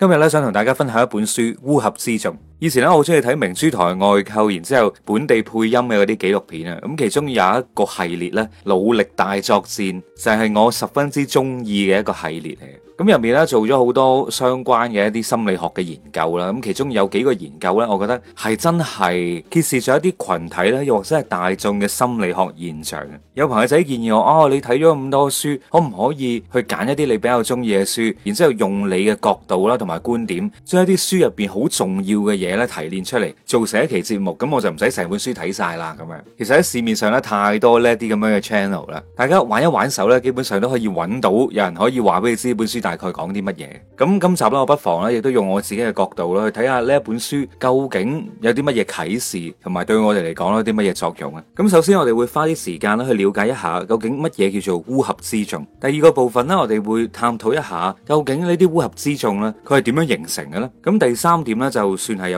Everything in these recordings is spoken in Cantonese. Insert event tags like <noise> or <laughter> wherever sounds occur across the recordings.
今日呢，想同大家分享一本書《烏合之眾》。以前咧，我好中意睇明珠台外購，然之後本地配音嘅嗰啲紀錄片啊，咁其中有一個系列咧，《努力大作戰》就係我十分之中意嘅一個系列嚟。咁入面咧，做咗好多相關嘅一啲心理學嘅研究啦。咁其中有幾個研究咧，我覺得係真係揭示咗一啲群體咧，又或者係大眾嘅心理學現象。有朋友仔建議我，哦，你睇咗咁多書，可唔可以去揀一啲你比較中意嘅書，然之後用你嘅角度啦，同埋觀點，將一啲書入邊好重要嘅嘢。嘢咧提煉出嚟，做成一期節目，咁我就唔使成本書睇晒啦。咁樣，其實喺市面上咧太多呢一啲咁樣嘅 channel 啦，大家玩一玩手咧，基本上都可以揾到有人可以話俾你知本書大概講啲乜嘢。咁今集啦，我不妨咧亦都用我自己嘅角度咧去睇下呢一本書究竟有啲乜嘢啟示，同埋對我哋嚟講有啲乜嘢作用啊。咁首先我哋會花啲時間咧去了解一下究竟乜嘢叫做烏合之眾。第二個部分咧，我哋會探討一下究竟呢啲烏合之眾咧，佢係點樣形成嘅咧？咁第三點咧，就算係有。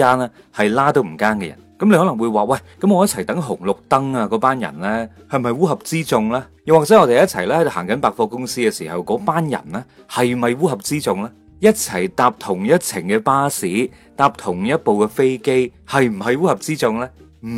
間咧係拉都唔間嘅人，咁你可能會話喂，咁我一齊等紅綠燈啊，嗰班人呢係咪烏合之眾呢？又或者我哋一齊咧喺度行緊百貨公司嘅時候，嗰班人呢係咪烏合之眾呢？一齊搭同一程嘅巴士，搭同一部嘅飛機，係唔係烏合之眾呢？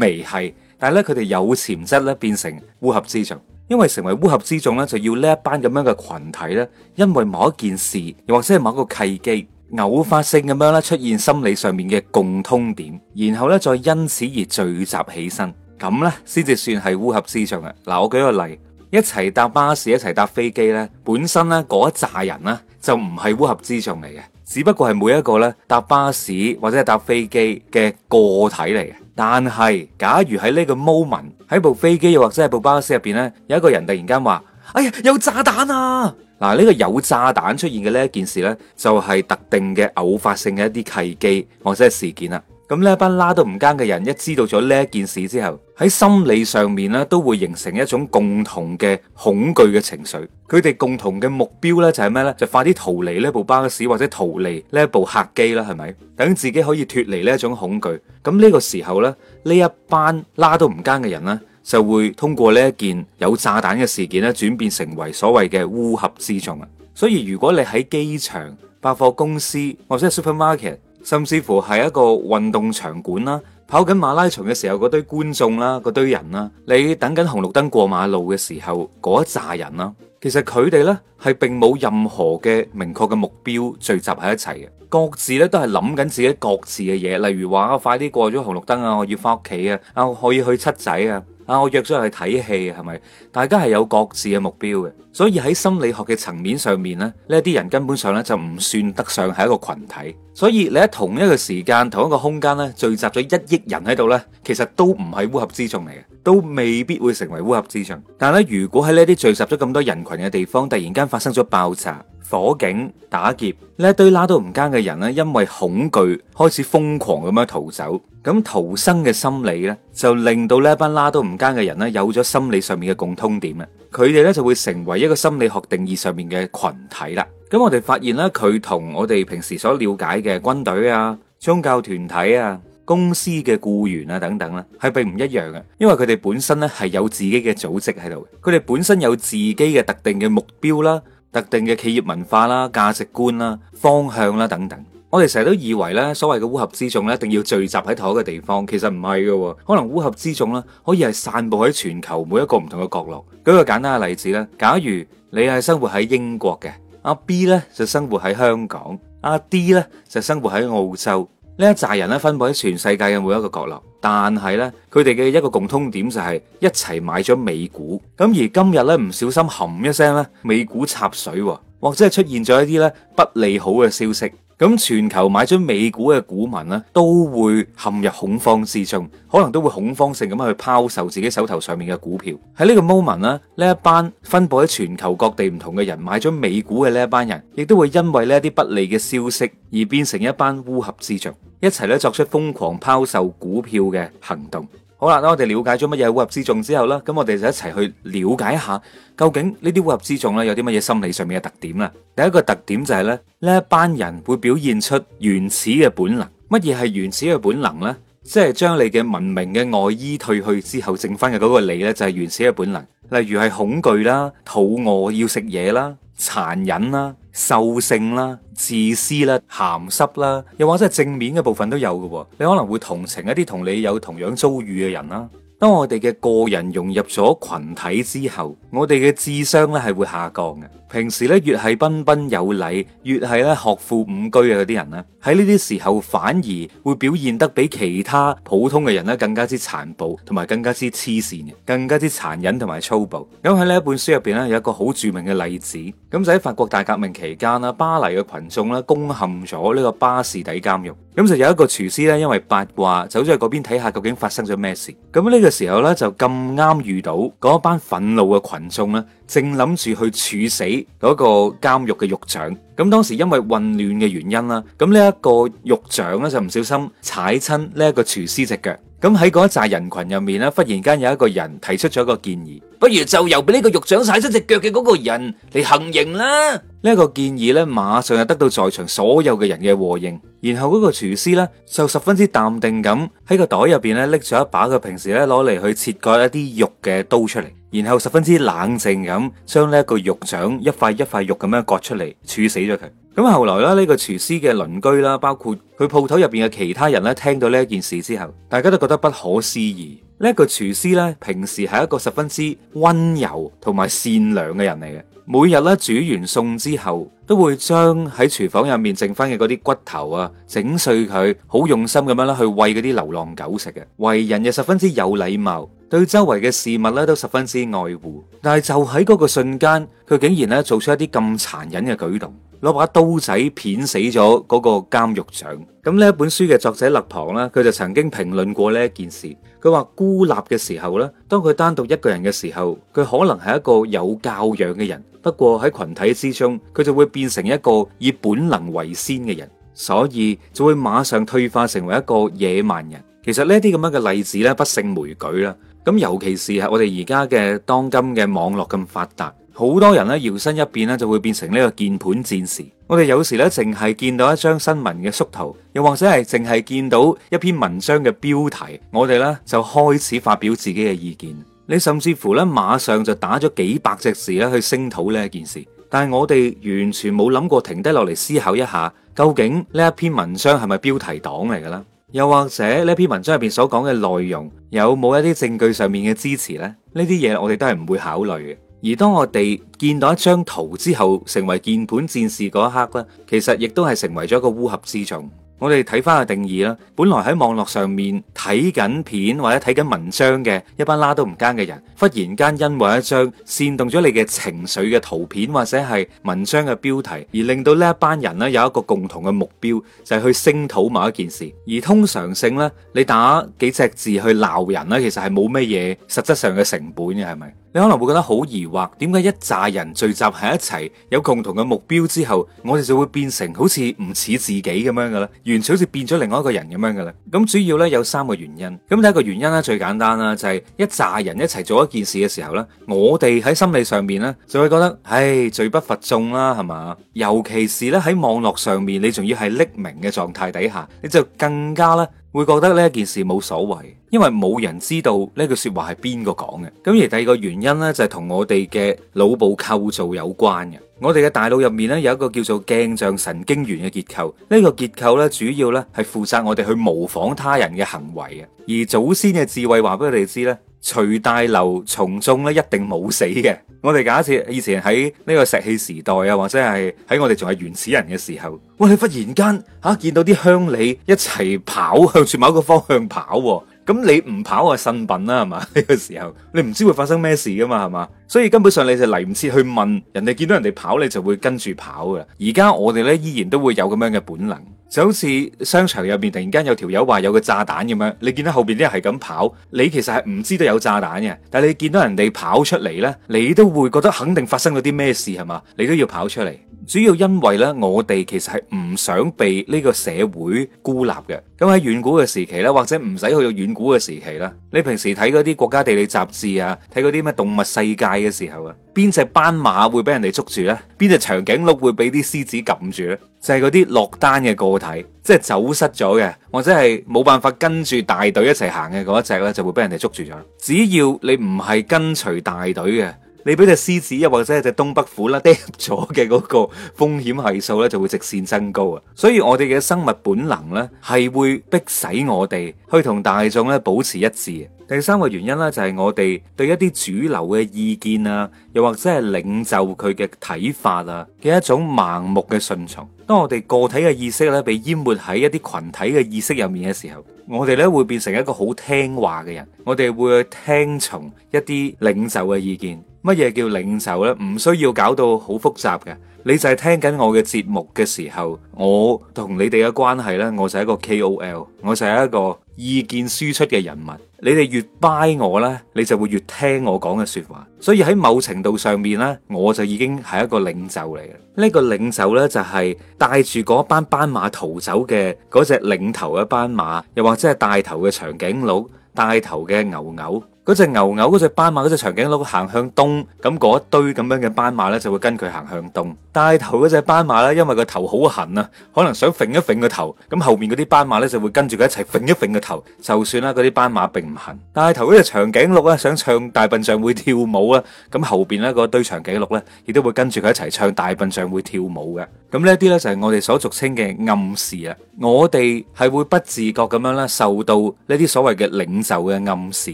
未係，但係咧佢哋有潛質咧變成烏合之眾，因為成為烏合之眾咧就要呢一班咁樣嘅群體咧，因為某一件事，又或者係某一個契機。偶發性咁樣咧出現心理上面嘅共通點，然後咧再因此而聚集起身，咁呢，先至算係烏合之眾啊！嗱，我舉個例，一齊搭巴士，一齊搭飛機呢，本身呢嗰一紮人呢，就唔係烏合之眾嚟嘅，只不過係每一個咧搭巴士或者係搭飛機嘅個體嚟嘅。但係假如喺呢個 moment 喺部飛機又或者係部巴士入邊呢，有一個人突然間話：哎呀，有炸彈啊！嗱，呢個有炸彈出現嘅呢一件事呢，就係特定嘅偶發性嘅一啲契機或者係事件啦。咁呢一班拉都唔奸嘅人，一知道咗呢一件事之後，喺心理上面呢，都會形成一種共同嘅恐懼嘅情緒。佢哋共同嘅目標呢，就係咩呢？就快啲逃離呢部巴士或者逃離呢一部客機啦，係咪？等自己可以脫離呢一種恐懼。咁呢個時候呢，呢一班拉都唔奸嘅人呢。就會通過呢一件有炸彈嘅事件咧，轉變成為所謂嘅烏合之眾啊。所以如果你喺機場、百貨公司或者係 supermarket，甚至乎係一個運動場館啦，跑緊馬拉松嘅時候嗰堆觀眾啦、嗰堆人啦，你等緊紅綠燈過馬路嘅時候嗰一紮人啦，其實佢哋呢係並冇任何嘅明確嘅目標聚集喺一齊嘅，各自咧都係諗緊自己各自嘅嘢，例如話啊，我快啲過咗紅綠燈啊，我要翻屋企啊，啊，可以去七仔啊。啊！我約咗去睇戲，係咪？大家係有各自嘅目標嘅，所以喺心理學嘅層面上面咧，呢啲人根本上咧就唔算得上係一個群體。所以你喺同一個時間、同一個空間咧，聚集咗一億人喺度咧，其實都唔係烏合之眾嚟嘅，都未必會成為烏合之眾。但係咧，如果喺呢啲聚集咗咁多人群嘅地方，突然間發生咗爆炸。火警、打劫，呢一堆拉都唔奸嘅人呢，因為恐懼開始瘋狂咁樣逃走。咁逃生嘅心理呢，就令到呢一班拉都唔奸嘅人呢，有咗心理上面嘅共通點啦。佢哋呢就會成為一個心理學定義上面嘅群體啦。咁我哋發現呢，佢同我哋平時所了解嘅軍隊啊、宗教團體啊、公司嘅僱員啊等等啦，係並唔一樣嘅。因為佢哋本身呢係有自己嘅組織喺度，佢哋本身有自己嘅特定嘅目標啦。特定嘅企業文化啦、價值觀啦、方向啦等等，我哋成日都以為咧，所謂嘅烏合之眾咧，一定要聚集喺同一個地方，其實唔係嘅，可能烏合之眾咧，可以係散佈喺全球每一個唔同嘅角落。舉個簡單嘅例子咧，假如你係生活喺英國嘅，阿 B 咧就生活喺香港，阿 D 咧就生活喺澳洲。呢一紮人咧，分布喺全世界嘅每一個角落，但係呢，佢哋嘅一個共通點就係一齊買咗美股，咁而今日呢，唔小心冚一聲呢，美股插水，或者係出現咗一啲呢不利好嘅消息。咁全球買咗美股嘅股民呢，都會陷入恐慌之中，可能都會恐慌性咁樣去拋售自己手頭上面嘅股票。喺呢個 moment 呢，呢一班分布喺全球各地唔同嘅人買咗美股嘅呢一班人，亦都會因為呢一啲不利嘅消息而變成一班烏合之眾，一齊咧作出瘋狂拋售股票嘅行動。好啦，咁我哋了解咗乜嘢係烏合之眾之後啦，咁我哋就一齊去了解一下究竟呢啲烏合之眾咧有啲乜嘢心理上面嘅特點啦。第一個特點就係、是、咧，呢一班人會表現出原始嘅本能。乜嘢係原始嘅本能呢？即係將你嘅文明嘅外衣褪去之後，剩翻嘅嗰個你呢，就係原始嘅本能。例如係恐懼啦、肚餓要食嘢啦。殘忍啦、獸性啦、自私啦、鹹濕啦，又或者係正面嘅部分都有嘅。你可能會同情一啲同你有同樣遭遇嘅人啦。當我哋嘅個人融入咗群體之後，我哋嘅智商呢係會下降嘅。平時咧，越係彬彬有禮，越係咧學富五車嘅嗰啲人咧，喺呢啲時候反而會表現得比其他普通嘅人咧更加之殘暴，同埋更加之黐線，更加之殘忍，同埋粗暴。咁喺呢一本書入邊咧有一個好著名嘅例子，咁就喺法國大革命期間啦，巴黎嘅群眾咧攻陷咗呢個巴士底監獄，咁就有一個廚師咧因為八卦，走咗去嗰邊睇下究竟發生咗咩事，咁呢個時候咧就咁啱遇到嗰一班憤怒嘅群眾咧。正諗住去處死嗰個監獄嘅獄長，咁當時因為混亂嘅原因啦，咁呢一個獄長咧就唔小心踩親呢一個廚師隻腳，咁喺嗰一紮人群入面咧，忽然間有一個人提出咗一個建議，不如就由俾呢個獄長踩親隻腳嘅嗰個人嚟行刑啦。呢一個建議咧，馬上就得到在場所有嘅人嘅和應，然後嗰個廚師咧就十分之淡定咁喺個袋入邊咧拎咗一把佢平時咧攞嚟去切割一啲肉嘅刀出嚟。然後十分之冷靜咁，將呢一個肉掌一塊一塊肉咁樣割出嚟，處死咗佢。咁後來咧，呢個廚師嘅鄰居啦，包括佢鋪頭入邊嘅其他人咧，聽到呢一件事之後，大家都覺得不可思議。呢個廚師咧，平時係一個十分之溫柔同埋善良嘅人嚟嘅，每日咧煮完餸之後，都會將喺廚房入面剩翻嘅嗰啲骨頭啊，整碎佢，好用心咁樣咧去餵嗰啲流浪狗食嘅，為人又十分之有禮貌。對周圍嘅事物咧都十分之愛護，但係就喺嗰個瞬間，佢竟然咧做出一啲咁殘忍嘅舉動，攞把刀仔片死咗嗰個監獄長。咁、嗯、呢本書嘅作者勒龐呢，佢就曾經評論過呢一件事。佢話孤立嘅時候呢，當佢單獨一個人嘅時候，佢可能係一個有教養嘅人，不過喺群體之中，佢就會變成一個以本能為先嘅人，所以就會馬上退化成為一個野蠻人。其實呢啲咁樣嘅例子咧，不勝枚舉啦。咁尤其是係，我哋而家嘅當今嘅網絡咁發達，好多人咧搖身一變咧就會變成呢個鍵盤戰士。我哋有時咧淨係見到一張新聞嘅縮圖，又或者係淨係見到一篇文章嘅標題，我哋咧就開始發表自己嘅意見。你甚至乎咧馬上就打咗幾百隻字咧去聲討呢一件事，但係我哋完全冇諗過停低落嚟思考一下，究竟呢一篇文章係咪標題黨嚟嘅咧？又或者呢篇文章入邊所講嘅內容，有冇一啲證據上面嘅支持呢？呢啲嘢我哋都係唔會考慮嘅。而當我哋見到一張圖之後，成為鍵盤戰士嗰一刻呢，其實亦都係成為咗一個烏合之眾。我哋睇翻個定義啦，本來喺網絡上面睇緊片或者睇緊文章嘅一班拉都唔奸嘅人，忽然間因為一張煽動咗你嘅情緒嘅圖片或者係文章嘅標題，而令到呢一班人呢有一個共同嘅目標，就係去聲討某一件事。而通常性呢，你打幾隻字去鬧人呢，其實係冇咩嘢實質上嘅成本嘅，係咪？你可能會覺得好疑惑，點解一紮人聚集喺一齊，有共同嘅目標之後，我哋就會變成好似唔似自己咁樣嘅咧，完全好似變咗另外一個人咁樣嘅咧？咁主要呢有三個原因。咁第一個原因咧最簡單啦，就是，就係一紮人一齊做一件事嘅時候呢，我哋喺心理上面呢，就會覺得，唉，罪不發眾啦，係嘛？尤其是呢，喺網絡上面，你仲要係匿名嘅狀態底下，你就更加咧。會覺得呢件事冇所謂，因為冇人知道呢句說話係邊個講嘅。咁而第二個原因呢，就係同我哋嘅腦部構造有關嘅。我哋嘅大腦入面呢，有一個叫做鏡像神經元嘅結構，呢個結構呢，主要呢係負責我哋去模仿他人嘅行為嘅。而祖先嘅智慧，話俾我哋知呢。徐大流從眾咧一定冇死嘅。我哋假設以前喺呢個石器時代啊，或者係喺我哋仲係原始人嘅時候，哇！你忽然間吓、啊、見到啲鄉里一齊跑向住某個方向跑、啊，咁你唔跑係幸品啦，係嘛？呢、這個時候你唔知會發生咩事噶嘛，係嘛？所以根本上你就嚟唔切去問人哋，見到人哋跑你就會跟住跑噶啦。而家我哋呢，依然都會有咁樣嘅本能。就好似商場入邊突然間有條友話有個炸彈咁樣，你見到後邊啲人係咁跑，你其實係唔知道有炸彈嘅，但係你見到人哋跑出嚟呢，你都會覺得肯定發生咗啲咩事係嘛？你都要跑出嚟。主要因為呢，我哋其實係唔想被呢個社會孤立嘅。咁喺遠古嘅時期呢，或者唔使去到遠古嘅時期啦，你平時睇嗰啲國家地理雜誌啊，睇嗰啲咩動物世界嘅時候啊，邊隻斑馬會俾人哋捉住呢？邊隻長頸鹿會俾啲獅子撳住呢？就係嗰啲落單嘅個體，即係走失咗嘅，或者係冇辦法跟住大隊一齊行嘅嗰一隻呢，就會俾人哋捉住咗。只要你唔係跟隨大隊嘅。你俾隻獅子啊，或者係隻東北虎啦，盯咗嘅嗰個風險係數咧，就會直線增高啊！所以我哋嘅生物本能咧，係會逼使我哋去同大眾咧保持一致。第三個原因咧，就係我哋對一啲主流嘅意見啊，又或者係領袖佢嘅睇法啊嘅一種盲目嘅信從。當我哋個體嘅意識咧被淹沒喺一啲群體嘅意識入面嘅時候，我哋咧會變成一個好聽話嘅人，我哋會聽從一啲領袖嘅意見。乜嘢叫領袖咧？唔需要搞到好複雜嘅。你就係聽緊我嘅節目嘅時候，我同你哋嘅關係呢，我就係一個 KOL，我就係一個意見輸出嘅人物。你哋越 buy 我呢，你就會越聽我講嘅說話。所以喺某程度上面呢，我就已經係一個領袖嚟嘅。呢個領袖呢，就係帶住嗰班斑馬逃走嘅嗰隻領頭嘅斑馬，又或者係帶頭嘅長頸鹿，帶頭嘅牛牛。嗰隻牛牛、嗰隻斑馬、嗰隻長頸鹿行向東，咁嗰一堆咁樣嘅斑馬呢，就會跟佢行向東。帶頭嗰隻斑馬呢，因為個頭好痕啊，可能想揈一揈個頭，咁後面嗰啲斑馬呢，就會跟住佢一齊揈一揈個頭。就算啦，嗰啲斑馬並唔痕。帶頭嗰隻長頸鹿呢，想唱大笨象會跳舞啦，咁後邊呢，嗰堆長頸鹿呢，亦都會跟住佢一齊唱大笨象會跳舞嘅。咁呢啲呢，就係我哋所俗稱嘅暗示啊。我哋係會不自覺咁樣啦，受到呢啲所謂嘅領袖嘅暗示。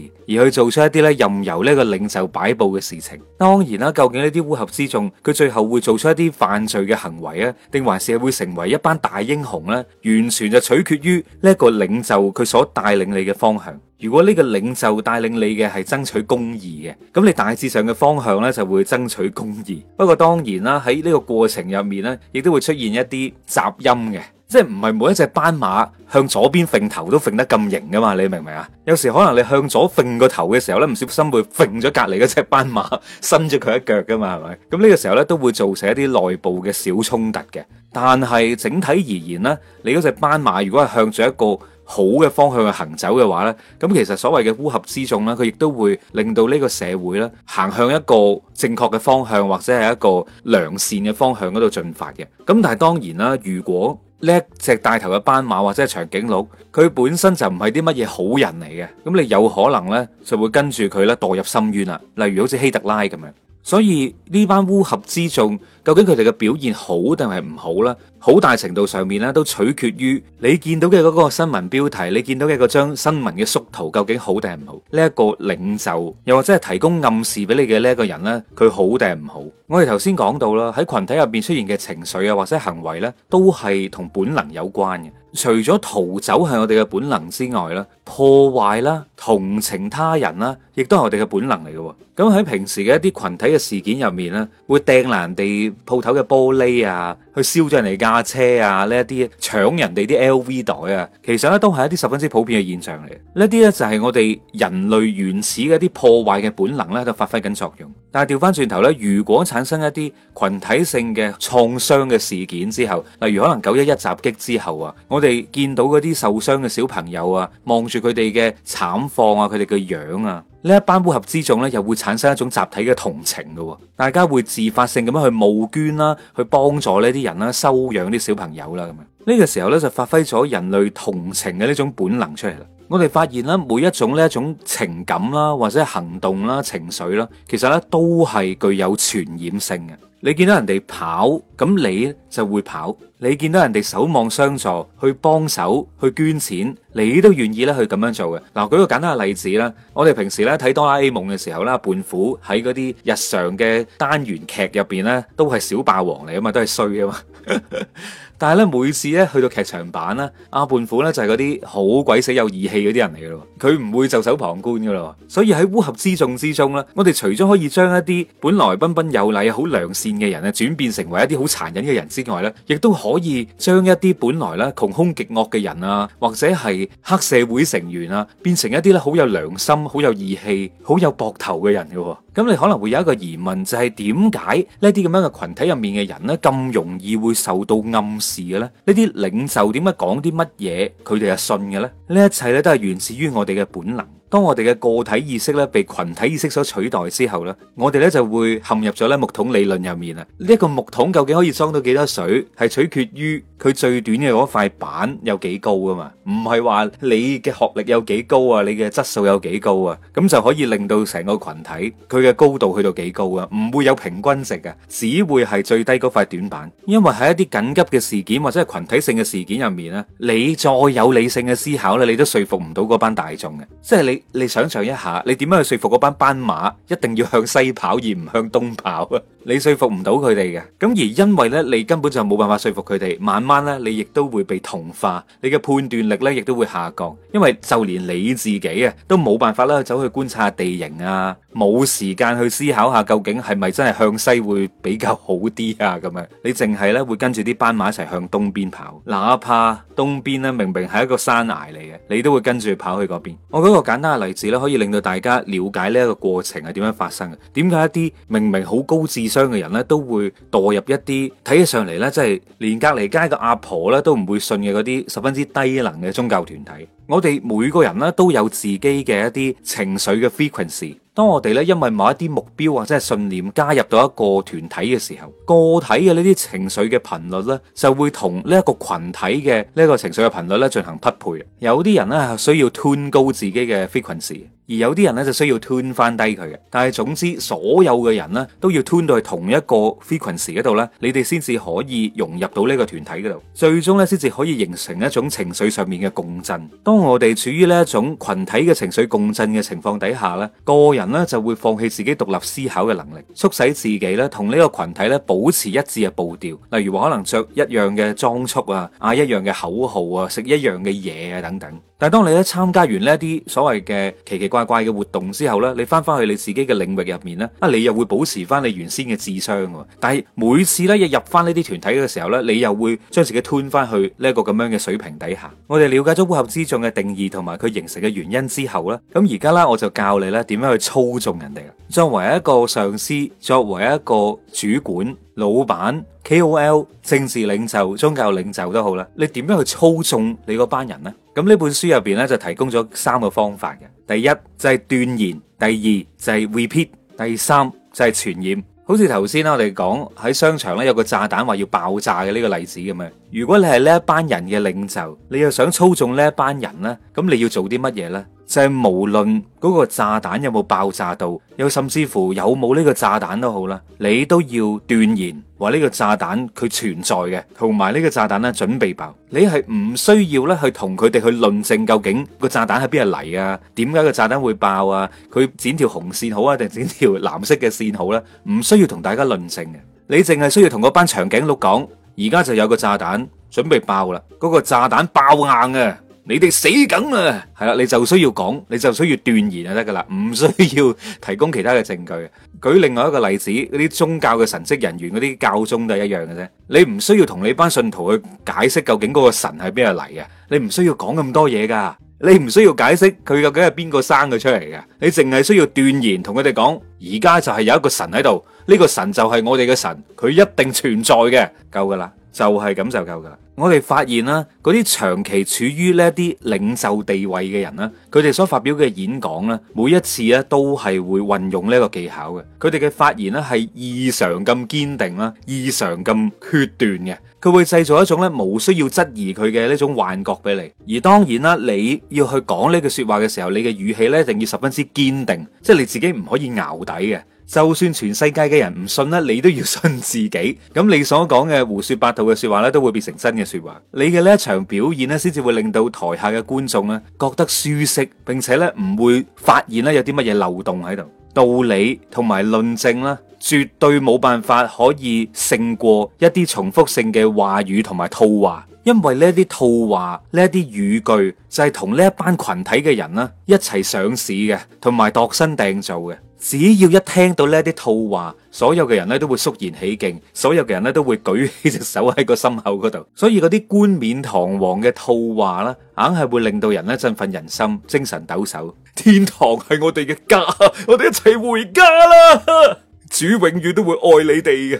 而去做出一啲咧，任由呢個領袖擺布嘅事情。當然啦，究竟呢啲烏合之眾佢最後會做出一啲犯罪嘅行為啊，定還是會成為一班大英雄呢？完全就取決於呢一個領袖佢所帶領你嘅方向。如果呢個領袖帶領你嘅係爭取公義嘅，咁你大致上嘅方向呢，就會爭取公義。不過當然啦，喺呢個過程入面呢，亦都會出現一啲雜音嘅。即係唔係每一隻斑馬向左邊揈頭都揈得咁型噶嘛？你明唔明啊？有時可能你向左揈個頭嘅時候咧，唔小心會揈咗隔籬嗰隻斑馬，伸咗佢一腳噶嘛？係咪？咁呢個時候咧都會造成一啲內部嘅小衝突嘅。但係整體而言咧，你嗰隻斑馬如果係向住一個好嘅方向去行走嘅話咧，咁其實所謂嘅烏合之眾咧，佢亦都會令到呢個社會咧行向一個正確嘅方向或者係一個良善嘅方向嗰度進發嘅。咁但係當然啦，如果叻隻帶頭嘅斑馬或者係長頸鹿，佢本身就唔係啲乜嘢好人嚟嘅，咁你有可能呢，就會跟住佢呢墮入深淵啦，例如好似希特拉咁樣。所以呢班烏合之眾，究竟佢哋嘅表現好定係唔好呢？好大程度上面咧，都取決於你見到嘅嗰個新聞標題，你見到嘅嗰張新聞嘅縮圖究竟好定係唔好？呢一個領袖，又或者係提供暗示俾你嘅呢一個人呢，佢好定係唔好？我哋頭先講到啦，喺群體入邊出現嘅情緒啊，或者行為呢，都係同本能有關嘅。除咗逃走係我哋嘅本能之外啦，破壞啦、同情他人啦，亦都係我哋嘅本能嚟嘅。咁喺平時嘅一啲群體嘅事件入面咧，會掟爛人哋鋪頭嘅玻璃啊，去燒咗人哋架車啊，呢一啲搶人哋啲 LV 袋啊，其實咧都係一啲十分之普遍嘅現象嚟。呢啲咧就係、是、我哋人類原始嘅一啲破壞嘅本能咧，喺度發揮緊作用。但係調翻轉頭咧，如果產生一啲群體性嘅創傷嘅事件之後，例如可能九一一襲擊之後啊，我哋見到嗰啲受傷嘅小朋友啊，望住佢哋嘅慘況啊，佢哋嘅樣啊，呢一班烏合之眾呢，又會產生一種集體嘅同情嘅、啊，大家會自發性咁樣去募捐啦、啊，去幫助呢啲人啦、啊，收養啲小朋友啦，咁啊，呢、呢個時候呢，就發揮咗人類同情嘅呢種本能出嚟啦。我哋發現啦，每一種呢一種情感啦、啊，或者行動啦、啊，情緒啦、啊，其實呢都係具有傳染性嘅。你見到人哋跑，咁你就會跑；你見到人哋守望相助去幫手去捐錢，你都願意咧去咁樣做嘅。嗱、啊，舉個簡單嘅例子啦，我哋平時咧睇哆啦 A 夢嘅時候咧，胖虎喺嗰啲日常嘅單元劇入邊咧，都係小霸王嚟啊嘛，都係衰啊嘛。 <laughs> 但係咧，每次咧去到劇場版咧，阿胖虎咧就係嗰啲好鬼死有義氣嗰啲人嚟嘅咯，佢唔會袖手旁觀噶咯，所以喺烏合之眾之中咧，我哋除咗可以將一啲本來彬彬有禮、好良善嘅人啊，轉變成為一啲好殘忍嘅人之外咧，亦都可以將一啲本來咧窮凶極惡嘅人啊，或者係黑社會成員啊，變成一啲咧好有良心、好有義氣、好有膊頭嘅人嘅。咁你可能會有一個疑問，就係點解呢啲咁樣嘅群體入面嘅人呢，咁容易會受到暗示嘅咧？呢啲領袖點解講啲乜嘢，佢哋係信嘅咧？呢一切咧都係源自於我哋嘅本能。當我哋嘅個體意識咧被羣體意識所取代之後咧，我哋咧就會陷入咗咧木桶理論入面啊！呢個木桶究竟可以裝到幾多水，係取決於佢最短嘅嗰塊板有幾高吖嘛？唔係話你嘅學歷有幾高啊，你嘅質素有幾高啊，咁就可以令到成個羣體佢嘅高度去到幾高啊？唔會有平均值啊，只會係最低嗰塊短板。因為喺一啲緊急嘅事件或者係羣體性嘅事件入面咧，你再有理性嘅思考咧，你都説服唔到嗰班大眾嘅，即係你。你想象一下，你點樣去說服嗰班斑馬一定要向西跑而唔向東跑啊？ <laughs> 你說服唔到佢哋嘅，咁而因為呢，你根本就冇辦法說服佢哋，慢慢呢，你亦都會被同化，你嘅判斷力呢亦都會下降，因為就連你自己啊，都冇辦法啦，走去觀察地形啊，冇時間去思考下究竟係咪真係向西會比較好啲啊？咁樣，你淨係呢會跟住啲斑馬一齊向東邊跑，哪怕東邊呢明明係一個山崖嚟嘅，你都會跟住跑去嗰邊。我嗰個簡單，例子咧，可以令到大家了解呢一個過程係點樣發生嘅。點解一啲明明好高智商嘅人咧，都會墮入一啲睇起上嚟咧，即係連隔籬街嘅阿婆咧都唔會信嘅嗰啲十分之低能嘅宗教團體？我哋每個人咧都有自己嘅一啲情緒嘅 frequency。當我哋咧因為某一啲目標或者係信念加入到一個團體嘅時候，個體嘅呢啲情緒嘅頻率咧，就會同呢一個群體嘅呢一個情緒嘅頻率咧進行匹配。有啲人咧需要 tune 高自己嘅 frequency，而有啲人咧就需要 tune 翻低佢嘅。但係總之，所有嘅人咧都要 tune 到係同一個 frequency 嗰度咧，你哋先至可以融入到呢個團體嗰度，最終咧先至可以形成一種情緒上面嘅共振。當我哋處於呢一種群體嘅情緒共振嘅情況底下咧，個人咧就會放棄自己獨立思考嘅能力，促使自己咧同呢個群體咧保持一致嘅步調。例如話可能着一樣嘅裝束啊，嗌一樣嘅口號啊，食一樣嘅嘢啊等等。但係當你咧參加完呢一啲所謂嘅奇奇怪怪嘅活動之後呢，你翻翻去你自己嘅領域入面呢，啊你又會保持翻你原先嘅智商嘅。但係每次呢入入翻呢啲團體嘅時候呢，你又會將自己吞翻去呢一個咁樣嘅水平底下。我哋了解咗烏合之眾嘅定義同埋佢形成嘅原因之後呢，咁而家呢，我就教你呢點樣去操縱人哋。作為一個上司，作為一個主管、老闆、KOL、政治領袖、宗教領袖都好啦，你點樣去操縱你嗰班人呢？咁呢本書入邊咧就提供咗三個方法嘅。第一就係斷言，第二就係 repeat，第三就係傳染。好似頭先我哋講喺商場咧有個炸彈話要爆炸嘅呢個例子咁樣。如果你係呢一班人嘅領袖，你又想操縱呢一班人呢，咁你要做啲乜嘢呢？就係無論嗰個炸彈有冇爆炸到，又甚至乎有冇呢個炸彈都好啦，你都要斷言話呢個炸彈佢存在嘅，同埋呢個炸彈咧，準備爆，你係唔需要咧去同佢哋去論證究竟個炸彈喺邊度嚟啊？點解個炸彈會爆啊？佢剪條紅線好啊，定剪條藍色嘅線好呢？唔需要同大家論證嘅，你淨係需要同嗰班長頸鹿講，而家就有個炸彈準備爆啦，嗰個炸彈爆硬嘅。你哋死梗啊！係啦，你就需要講，你就需要斷言就得噶啦，唔需要提供其他嘅證據。舉另外一個例子，嗰啲宗教嘅神職人員嗰啲教宗都係一樣嘅啫。你唔需要同你班信徒去解釋究竟嗰個神係邊個嚟嘅，你唔需要講咁多嘢噶，你唔需要解釋佢究竟係邊個生佢出嚟嘅，你淨係需要斷言，同佢哋講，而家就係有一個神喺度，呢個神就係我哋嘅神，佢一定存在嘅，夠噶啦。就係咁就夠噶啦！我哋發現啦，嗰啲長期處於呢啲領袖地位嘅人咧，佢哋所發表嘅演講咧，每一次咧都係會運用呢個技巧嘅。佢哋嘅發言咧係異常咁堅定啦，異常咁決斷嘅。佢會製造一種咧無需要質疑佢嘅呢種幻覺俾你。而當然啦，你要去講呢句説話嘅時候，你嘅語氣咧一定要十分之堅定，即係你自己唔可以淆底嘅。就算全世界嘅人唔信咧，你都要信自己。咁你所講嘅胡說八道嘅說話咧，都會變成真嘅說話。你嘅呢一場表演呢，先至會令到台下嘅觀眾呢覺得舒適，並且呢唔會發現呢有啲乜嘢漏洞喺度。道理同埋論證啦，絕對冇辦法可以勝過一啲重複性嘅話語同埋套話，因為呢啲套話，呢啲語句就係同呢一班群體嘅人啦一齊上市嘅，同埋度身訂造嘅。只要一聽到呢啲套話，所有嘅人咧都會肅然起敬，所有嘅人咧都會舉起隻手喺個心口嗰度。所以嗰啲冠冕堂皇嘅套話啦，硬係會令到人咧振奮人心，精神抖擻。天堂係我哋嘅家，我哋一齊回家啦！主永遠都會愛你哋嘅，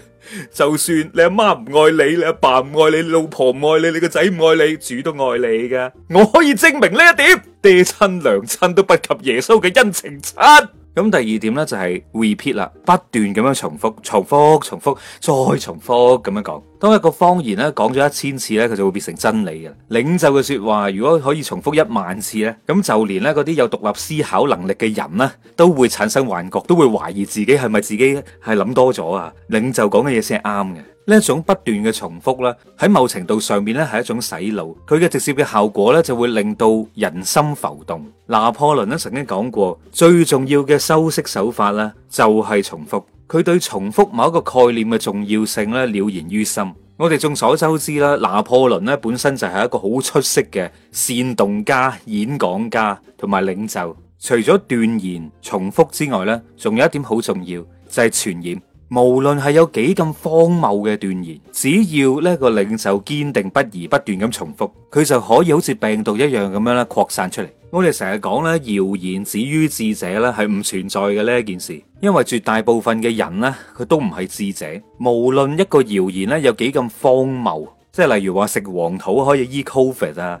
就算你阿媽唔愛你，你阿爸唔愛你，老婆唔愛你，你個仔唔愛你，主都愛你噶。我可以證明呢一點：爹親娘親都不及耶穌嘅恩情親。咁第二點呢，就係 repeat 啦，不斷咁樣重複、重複、重複、再重複咁樣講。當一個謊言呢講咗一千次呢，佢就會變成真理嘅。領袖嘅說話如果可以重複一萬次呢，咁就連呢嗰啲有獨立思考能力嘅人呢，都會產生幻覺，都會懷疑自己係咪自己係諗多咗啊？領袖講嘅嘢先係啱嘅。呢一種不斷嘅重複啦，喺某程度上面咧係一種洗腦，佢嘅直接嘅效果咧就會令到人心浮動。拿破崙咧曾經講過，最重要嘅修飾手法咧就係重複，佢對重複某一個概念嘅重要性咧了然於心。我哋眾所周知啦，拿破崙咧本身就係一個好出色嘅煽動家、演講家同埋領袖。除咗斷言、重複之外咧，仲有一點好重要就係傳染。無論係有幾咁荒謬嘅斷言，只要呢個領袖堅定不移、不斷咁重複，佢就可以好似病毒一樣咁樣啦擴散出嚟。我哋成日講咧，謠言止於智者咧係唔存在嘅呢一件事，因為絕大部分嘅人呢，佢都唔係智者。無論一個謠言咧有幾咁荒謬，即係例如話食黃土可以醫 COVID 啊。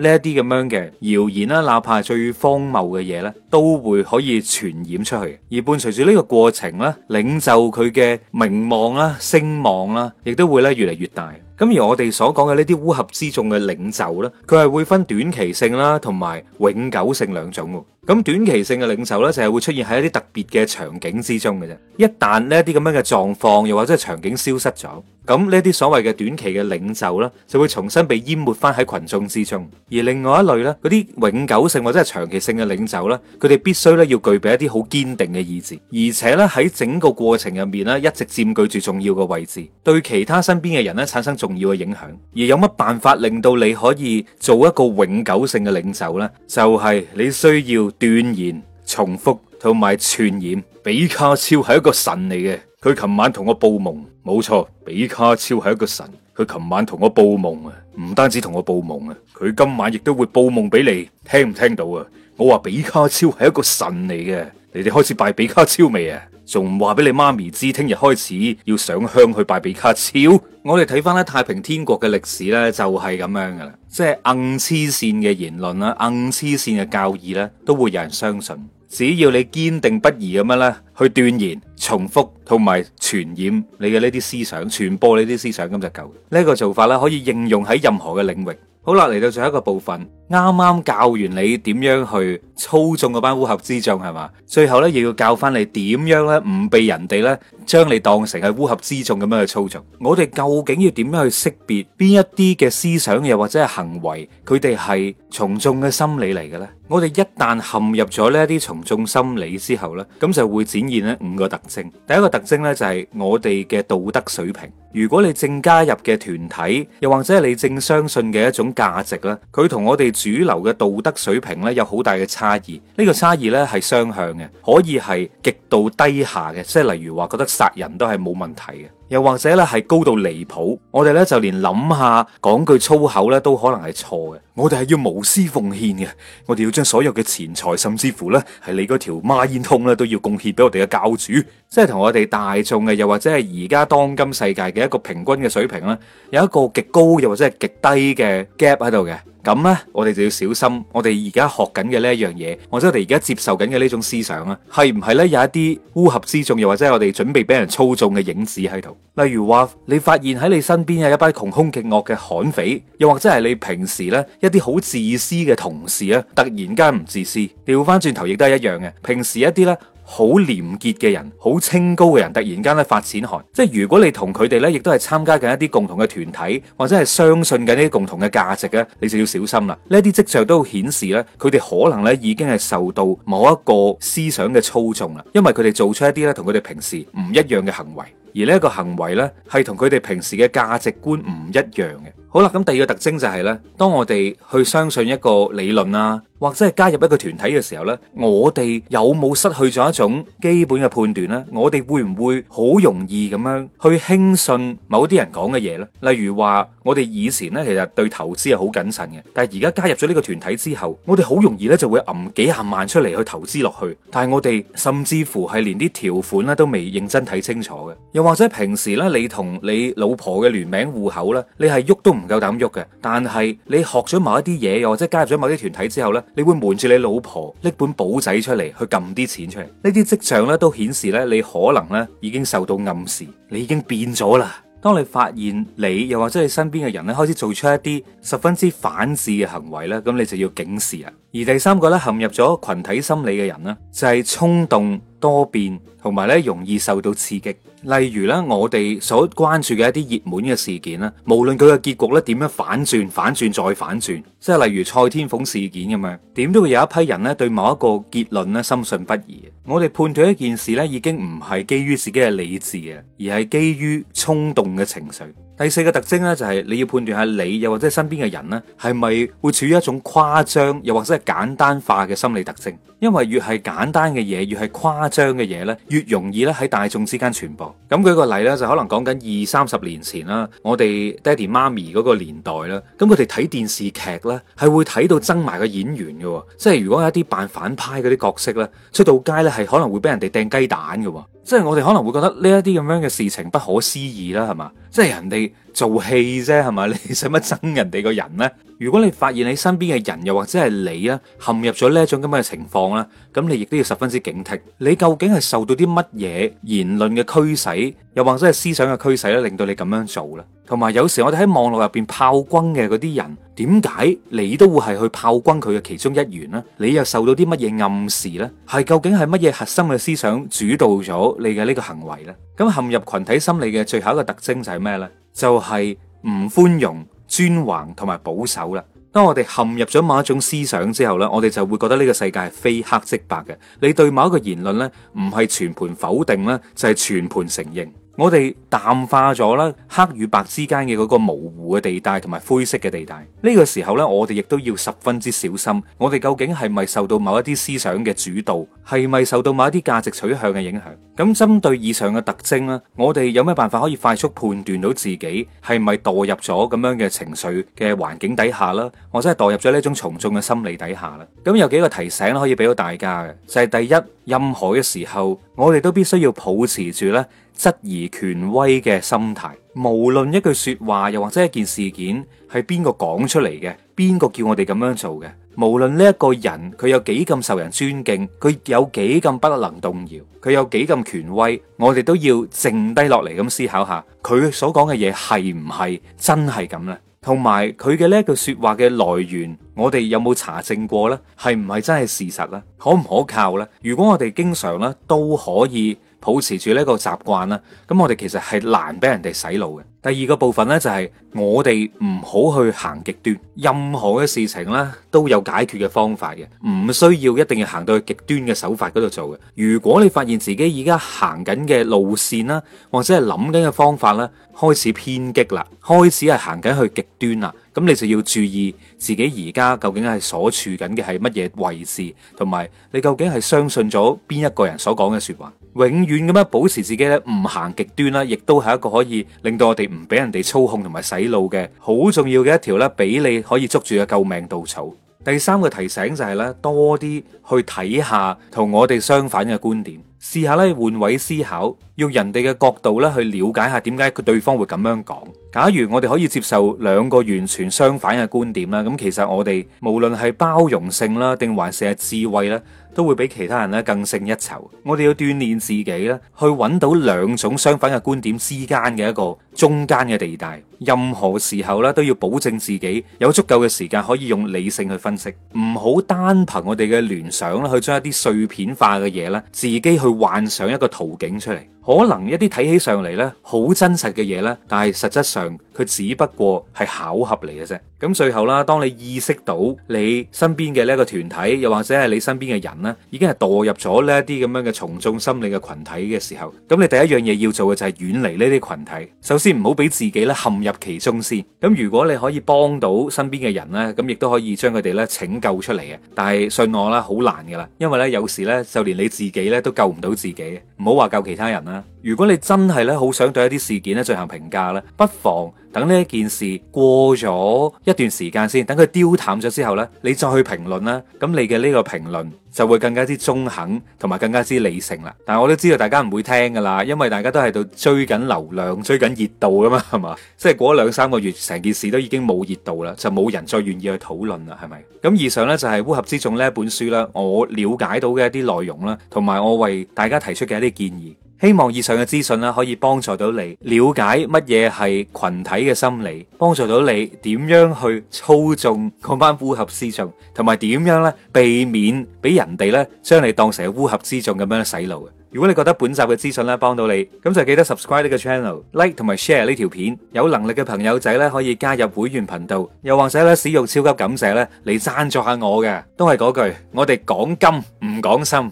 呢一啲咁樣嘅謠言啦，哪怕係最荒謬嘅嘢呢，都會可以傳染出去。而伴隨住呢個過程咧，領袖佢嘅名望啦、聲望啦，亦都會咧越嚟越大。咁而我哋所講嘅呢啲烏合之眾嘅領袖呢，佢係會分短期性啦，同埋永久性兩種。咁短期性嘅領袖呢，就係會出現喺一啲特別嘅場景之中嘅啫。一旦呢啲咁樣嘅狀況又或者係場景消失咗，咁呢啲所謂嘅短期嘅領袖呢，就會重新被淹沒返喺群眾之中。而另外一類咧，嗰啲永久性或者係長期性嘅領袖咧，佢哋必須咧要具備一啲好堅定嘅意志，而且咧喺整個過程入面咧一直佔據住重要嘅位置，對其他身邊嘅人咧產生重要嘅影響。而有乜辦法令到你可以做一個永久性嘅領袖呢？就係你需要斷言、重複同埋傳染。比卡超係一個神嚟嘅，佢琴晚同我報夢，冇錯，比卡超係一個神。佢琴晚同我報夢啊，唔單止同我報夢啊，佢今晚亦都會報夢俾你。聽唔聽到啊？我話比卡超係一個神嚟嘅，你哋開始拜比卡超未啊？仲唔話俾你媽咪知？聽日開始要上香去拜比卡超。 <noise> 我哋睇翻咧太平天國嘅歷史咧，就係咁樣噶啦，即係硬黐綫嘅言論啊，硬黐綫嘅教義咧，都會有人相信。只要你堅定不移咁樣咧，去斷言、重複同埋傳染你嘅呢啲思想，傳播呢啲思想咁就夠。呢個做法咧，可以應用喺任何嘅領域。好啦，嚟到最後一個部分，啱啱教完你點樣去操縱嗰班烏合之眾係嘛？最後咧又要教翻你點樣咧唔被人哋咧將你當成係烏合之眾咁樣去操縱。我哋究竟要點樣去識別邊一啲嘅思想又或者係行為，佢哋係從眾嘅心理嚟嘅咧？我哋一旦陷入咗呢一啲從眾心理之後咧，咁就會展現呢五個特徵。第一個特徵咧就係我哋嘅道德水平。如果你正加入嘅團體，又或者係你正相信嘅一種。價值咧，佢同我哋主流嘅道德水平咧有好大嘅差異。呢個差異咧係雙向嘅，可以係極度低下嘅，即係例如話覺得殺人都係冇問題嘅。又或者咧係高到離譜，我哋咧就連諗下講句粗口咧都可能係錯嘅。我哋係要無私奉獻嘅，我哋要將所有嘅錢財，甚至乎咧係你嗰條孖煙通咧都要貢獻俾我哋嘅教主，即係同我哋大眾嘅，又或者係而家當今世界嘅一個平均嘅水平咧，有一個極高又或者係極低嘅 gap 喺度嘅。咁呢，我哋就要小心，我哋而家學緊嘅呢一樣嘢，或者我哋而家接受緊嘅呢種思想啊，係唔係呢？有一啲烏合之眾，又或者我哋準備俾人操縱嘅影子喺度？例如話，你發現喺你身邊有一班窮凶極惡嘅悍匪，又或者係你平時呢一啲好自私嘅同事啊，突然間唔自私，調翻轉頭亦都係一樣嘅。平時一啲呢。好廉潔嘅人，好清高嘅人，突然間咧發錢寒，即係如果你同佢哋咧，亦都係參加緊一啲共同嘅團體，或者係相信緊呢啲共同嘅價值咧，你就要小心啦。呢一啲跡象都顯示咧，佢哋可能咧已經係受到某一個思想嘅操縱啦，因為佢哋做出一啲咧同佢哋平時唔一樣嘅行為，而呢一個行為咧係同佢哋平時嘅價值觀唔一樣嘅。好啦，咁第二個特徵就係咧，當我哋去相信一個理論啊，或者係加入一個團體嘅時候咧，我哋有冇失去咗一種基本嘅判斷咧？我哋會唔會好容易咁樣去輕信某啲人講嘅嘢咧？例如話，我哋以前咧其實對投資係好謹慎嘅，但係而家加入咗呢個團體之後，我哋好容易咧就會揞幾廿萬出嚟去投資落去，但係我哋甚至乎係連啲條款咧都未認真睇清楚嘅。又或者平時咧，你同你老婆嘅聯名戶口咧，你係喐都唔～夠膽喐嘅，但係你學咗某一啲嘢，又或者加入咗某啲團體之後呢，你會瞞住你老婆拎本簿仔出嚟去撳啲錢出嚟，跡呢啲跡象呢都顯示呢你可能呢已經受到暗示，你已經變咗啦。當你發現你又或者你身邊嘅人咧，開始做出一啲十分之反智嘅行為咧，咁你就要警示啦。而第三個咧，陷入咗群體心理嘅人咧，就係衝動、多變，同埋咧容易受到刺激。例如咧我哋所關注嘅一啲熱門嘅事件咧，無論佢嘅結局咧點樣反轉、反轉再反轉，即係例如蔡天鳳事件咁樣，點都會有一批人咧對某一個結論咧深信不疑。我哋判斷一件事咧，已經唔係基於自己嘅理智嘅，而係基於衝動嘅情緒。第四個特徵咧，就係你要判斷下你又或者身邊嘅人咧，係咪會處於一種誇張又或者係簡單化嘅心理特徵？因為越係簡單嘅嘢，越係誇張嘅嘢咧，越容易咧喺大眾之間傳播。咁舉個例咧，就可能講緊二三十年前啦，我哋爹哋媽咪嗰個年代啦，咁佢哋睇電視劇咧，係會睇到憎埋個演員嘅，即係如果有一啲扮反派嗰啲角色咧，出到街咧係可能會俾人哋掟雞蛋嘅。即係我哋可能會覺得呢一啲咁樣嘅事情不可思議啦，係嘛？即係人哋做戲啫，係嘛？你使乜憎人哋個人咧？如果你發現你身邊嘅人又或者係你啊，陷入咗呢一種咁嘅情況咧，咁你亦都要十分之警惕。你究竟係受到啲乜嘢言論嘅驅使，又或者係思想嘅驅使咧，令到你咁樣做咧？同埋有時我哋喺網絡入邊炮轟嘅嗰啲人，點解你都會係去炮轟佢嘅其中一員咧？你又受到啲乜嘢暗示咧？係究竟係乜嘢核心嘅思想主導咗你嘅呢個行為咧？咁陷入群體心理嘅最後一個特徵就係咩咧？就係唔寬容。專橫同埋保守啦，當我哋陷入咗某一種思想之後咧，我哋就會覺得呢個世界係非黑即白嘅，你對某一個言論咧，唔係全盤否定咧，就係全盤承認。我哋淡化咗啦，黑與白之間嘅嗰個模糊嘅地帶，同埋灰色嘅地帶，呢個時候咧，我哋亦都要十分之小心。我哋究竟係咪受到某一啲思想嘅主導，係咪受到某一啲價值取向嘅影響？咁針對以上嘅特徵咧，我哋有咩辦法可以快速判斷到自己係咪墮入咗咁樣嘅情緒嘅環境底下啦，或者係墮入咗呢種從眾嘅心理底下啦？咁有幾個提醒咧，可以俾到大家嘅就係：第一，任何嘅時候，我哋都必須要保持住咧。質疑權威嘅心態，無論一句說話又或者一件事件係邊個講出嚟嘅，邊個叫我哋咁樣做嘅，無論呢一個人佢有幾咁受人尊敬，佢有幾咁不能動搖，佢有幾咁權威，我哋都要靜低落嚟咁思考下，佢所講嘅嘢係唔係真係咁呢？同埋佢嘅呢句說話嘅來源，我哋有冇查證過呢？係唔係真係事實呢？可唔可靠呢？如果我哋經常咧都可以，保持住呢個習慣啦，咁我哋其實係難俾人哋洗腦嘅。第二個部分呢，就係我哋唔好去行極端，任何嘅事情呢，都有解決嘅方法嘅，唔需要一定要行到去極端嘅手法嗰度做嘅。如果你發現自己而家行緊嘅路線啦，或者係諗緊嘅方法咧，開始偏激啦，開始係行緊去極端啦，咁你就要注意自己而家究竟係所處緊嘅係乜嘢位置，同埋你究竟係相信咗邊一個人所講嘅説話。永遠咁樣保持自己咧，唔行極端啦，亦都係一個可以令到我哋唔俾人哋操控同埋洗腦嘅好重要嘅一條咧，俾你可以捉住嘅救命稻草。第三個提醒就係咧，多啲去睇下同我哋相反嘅觀點。試下咧換位思考，用人哋嘅角度咧去了解下點解佢對方會咁樣講。假如我哋可以接受兩個完全相反嘅觀點咧，咁其實我哋無論係包容性啦，定還是係智慧咧，都會比其他人咧更勝一籌。我哋要鍛煉自己咧，去揾到兩種相反嘅觀點之間嘅一個中間嘅地帶。任何時候咧都要保證自己有足夠嘅時間可以用理性去分析，唔好單憑我哋嘅聯想去將一啲碎片化嘅嘢咧自己去。去幻想一個途徑出嚟。可能一啲睇起上嚟咧好真實嘅嘢咧，但係實質上佢只不過係巧合嚟嘅啫。咁最後啦，當你意識到你身邊嘅呢個團體，又或者係你身邊嘅人咧，已經係墮入咗呢一啲咁樣嘅從眾心理嘅群體嘅時候，咁你第一樣嘢要做嘅就係遠離呢啲群體，首先唔好俾自己咧陷入其中先。咁如果你可以幫到身邊嘅人咧，咁亦都可以將佢哋咧拯救出嚟嘅。但係信我啦，好難嘅啦，因為咧有時咧，就連你自己咧都救唔到自己，唔好話救其他人啦。如果你真係咧好想對一啲事件咧進行評價咧，不妨等呢一件事過咗一段時間先，等佢丟淡咗之後咧，你再去評論啦。咁你嘅呢個評論就會更加之中肯，同埋更加之理性啦。但係我都知道大家唔會聽噶啦，因為大家都喺度追緊流量、追緊熱度噶嘛，係嘛？即係過咗兩三個月，成件事都已經冇熱度啦，就冇人再願意去討論啦，係咪？咁以上呢，就係、是《烏合之眾》呢一本書啦，我了解到嘅一啲內容啦，同埋我為大家提出嘅一啲建議。希望以上嘅資訊啦，可以幫助到你了解乜嘢係群體嘅心理，幫助到你點樣去操縱嗰班烏合之眾，同埋點樣咧避免俾人哋咧將你當成係烏合之眾咁樣洗腦嘅。如果你覺得本集嘅資訊咧幫到你，咁就記得 subscribe 呢個 channel，like 同埋 share 呢條片。有能力嘅朋友仔咧可以加入會員頻道，又或者咧使用超級感謝咧嚟贊助下我嘅，都係嗰句，我哋講金唔講心，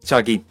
再見。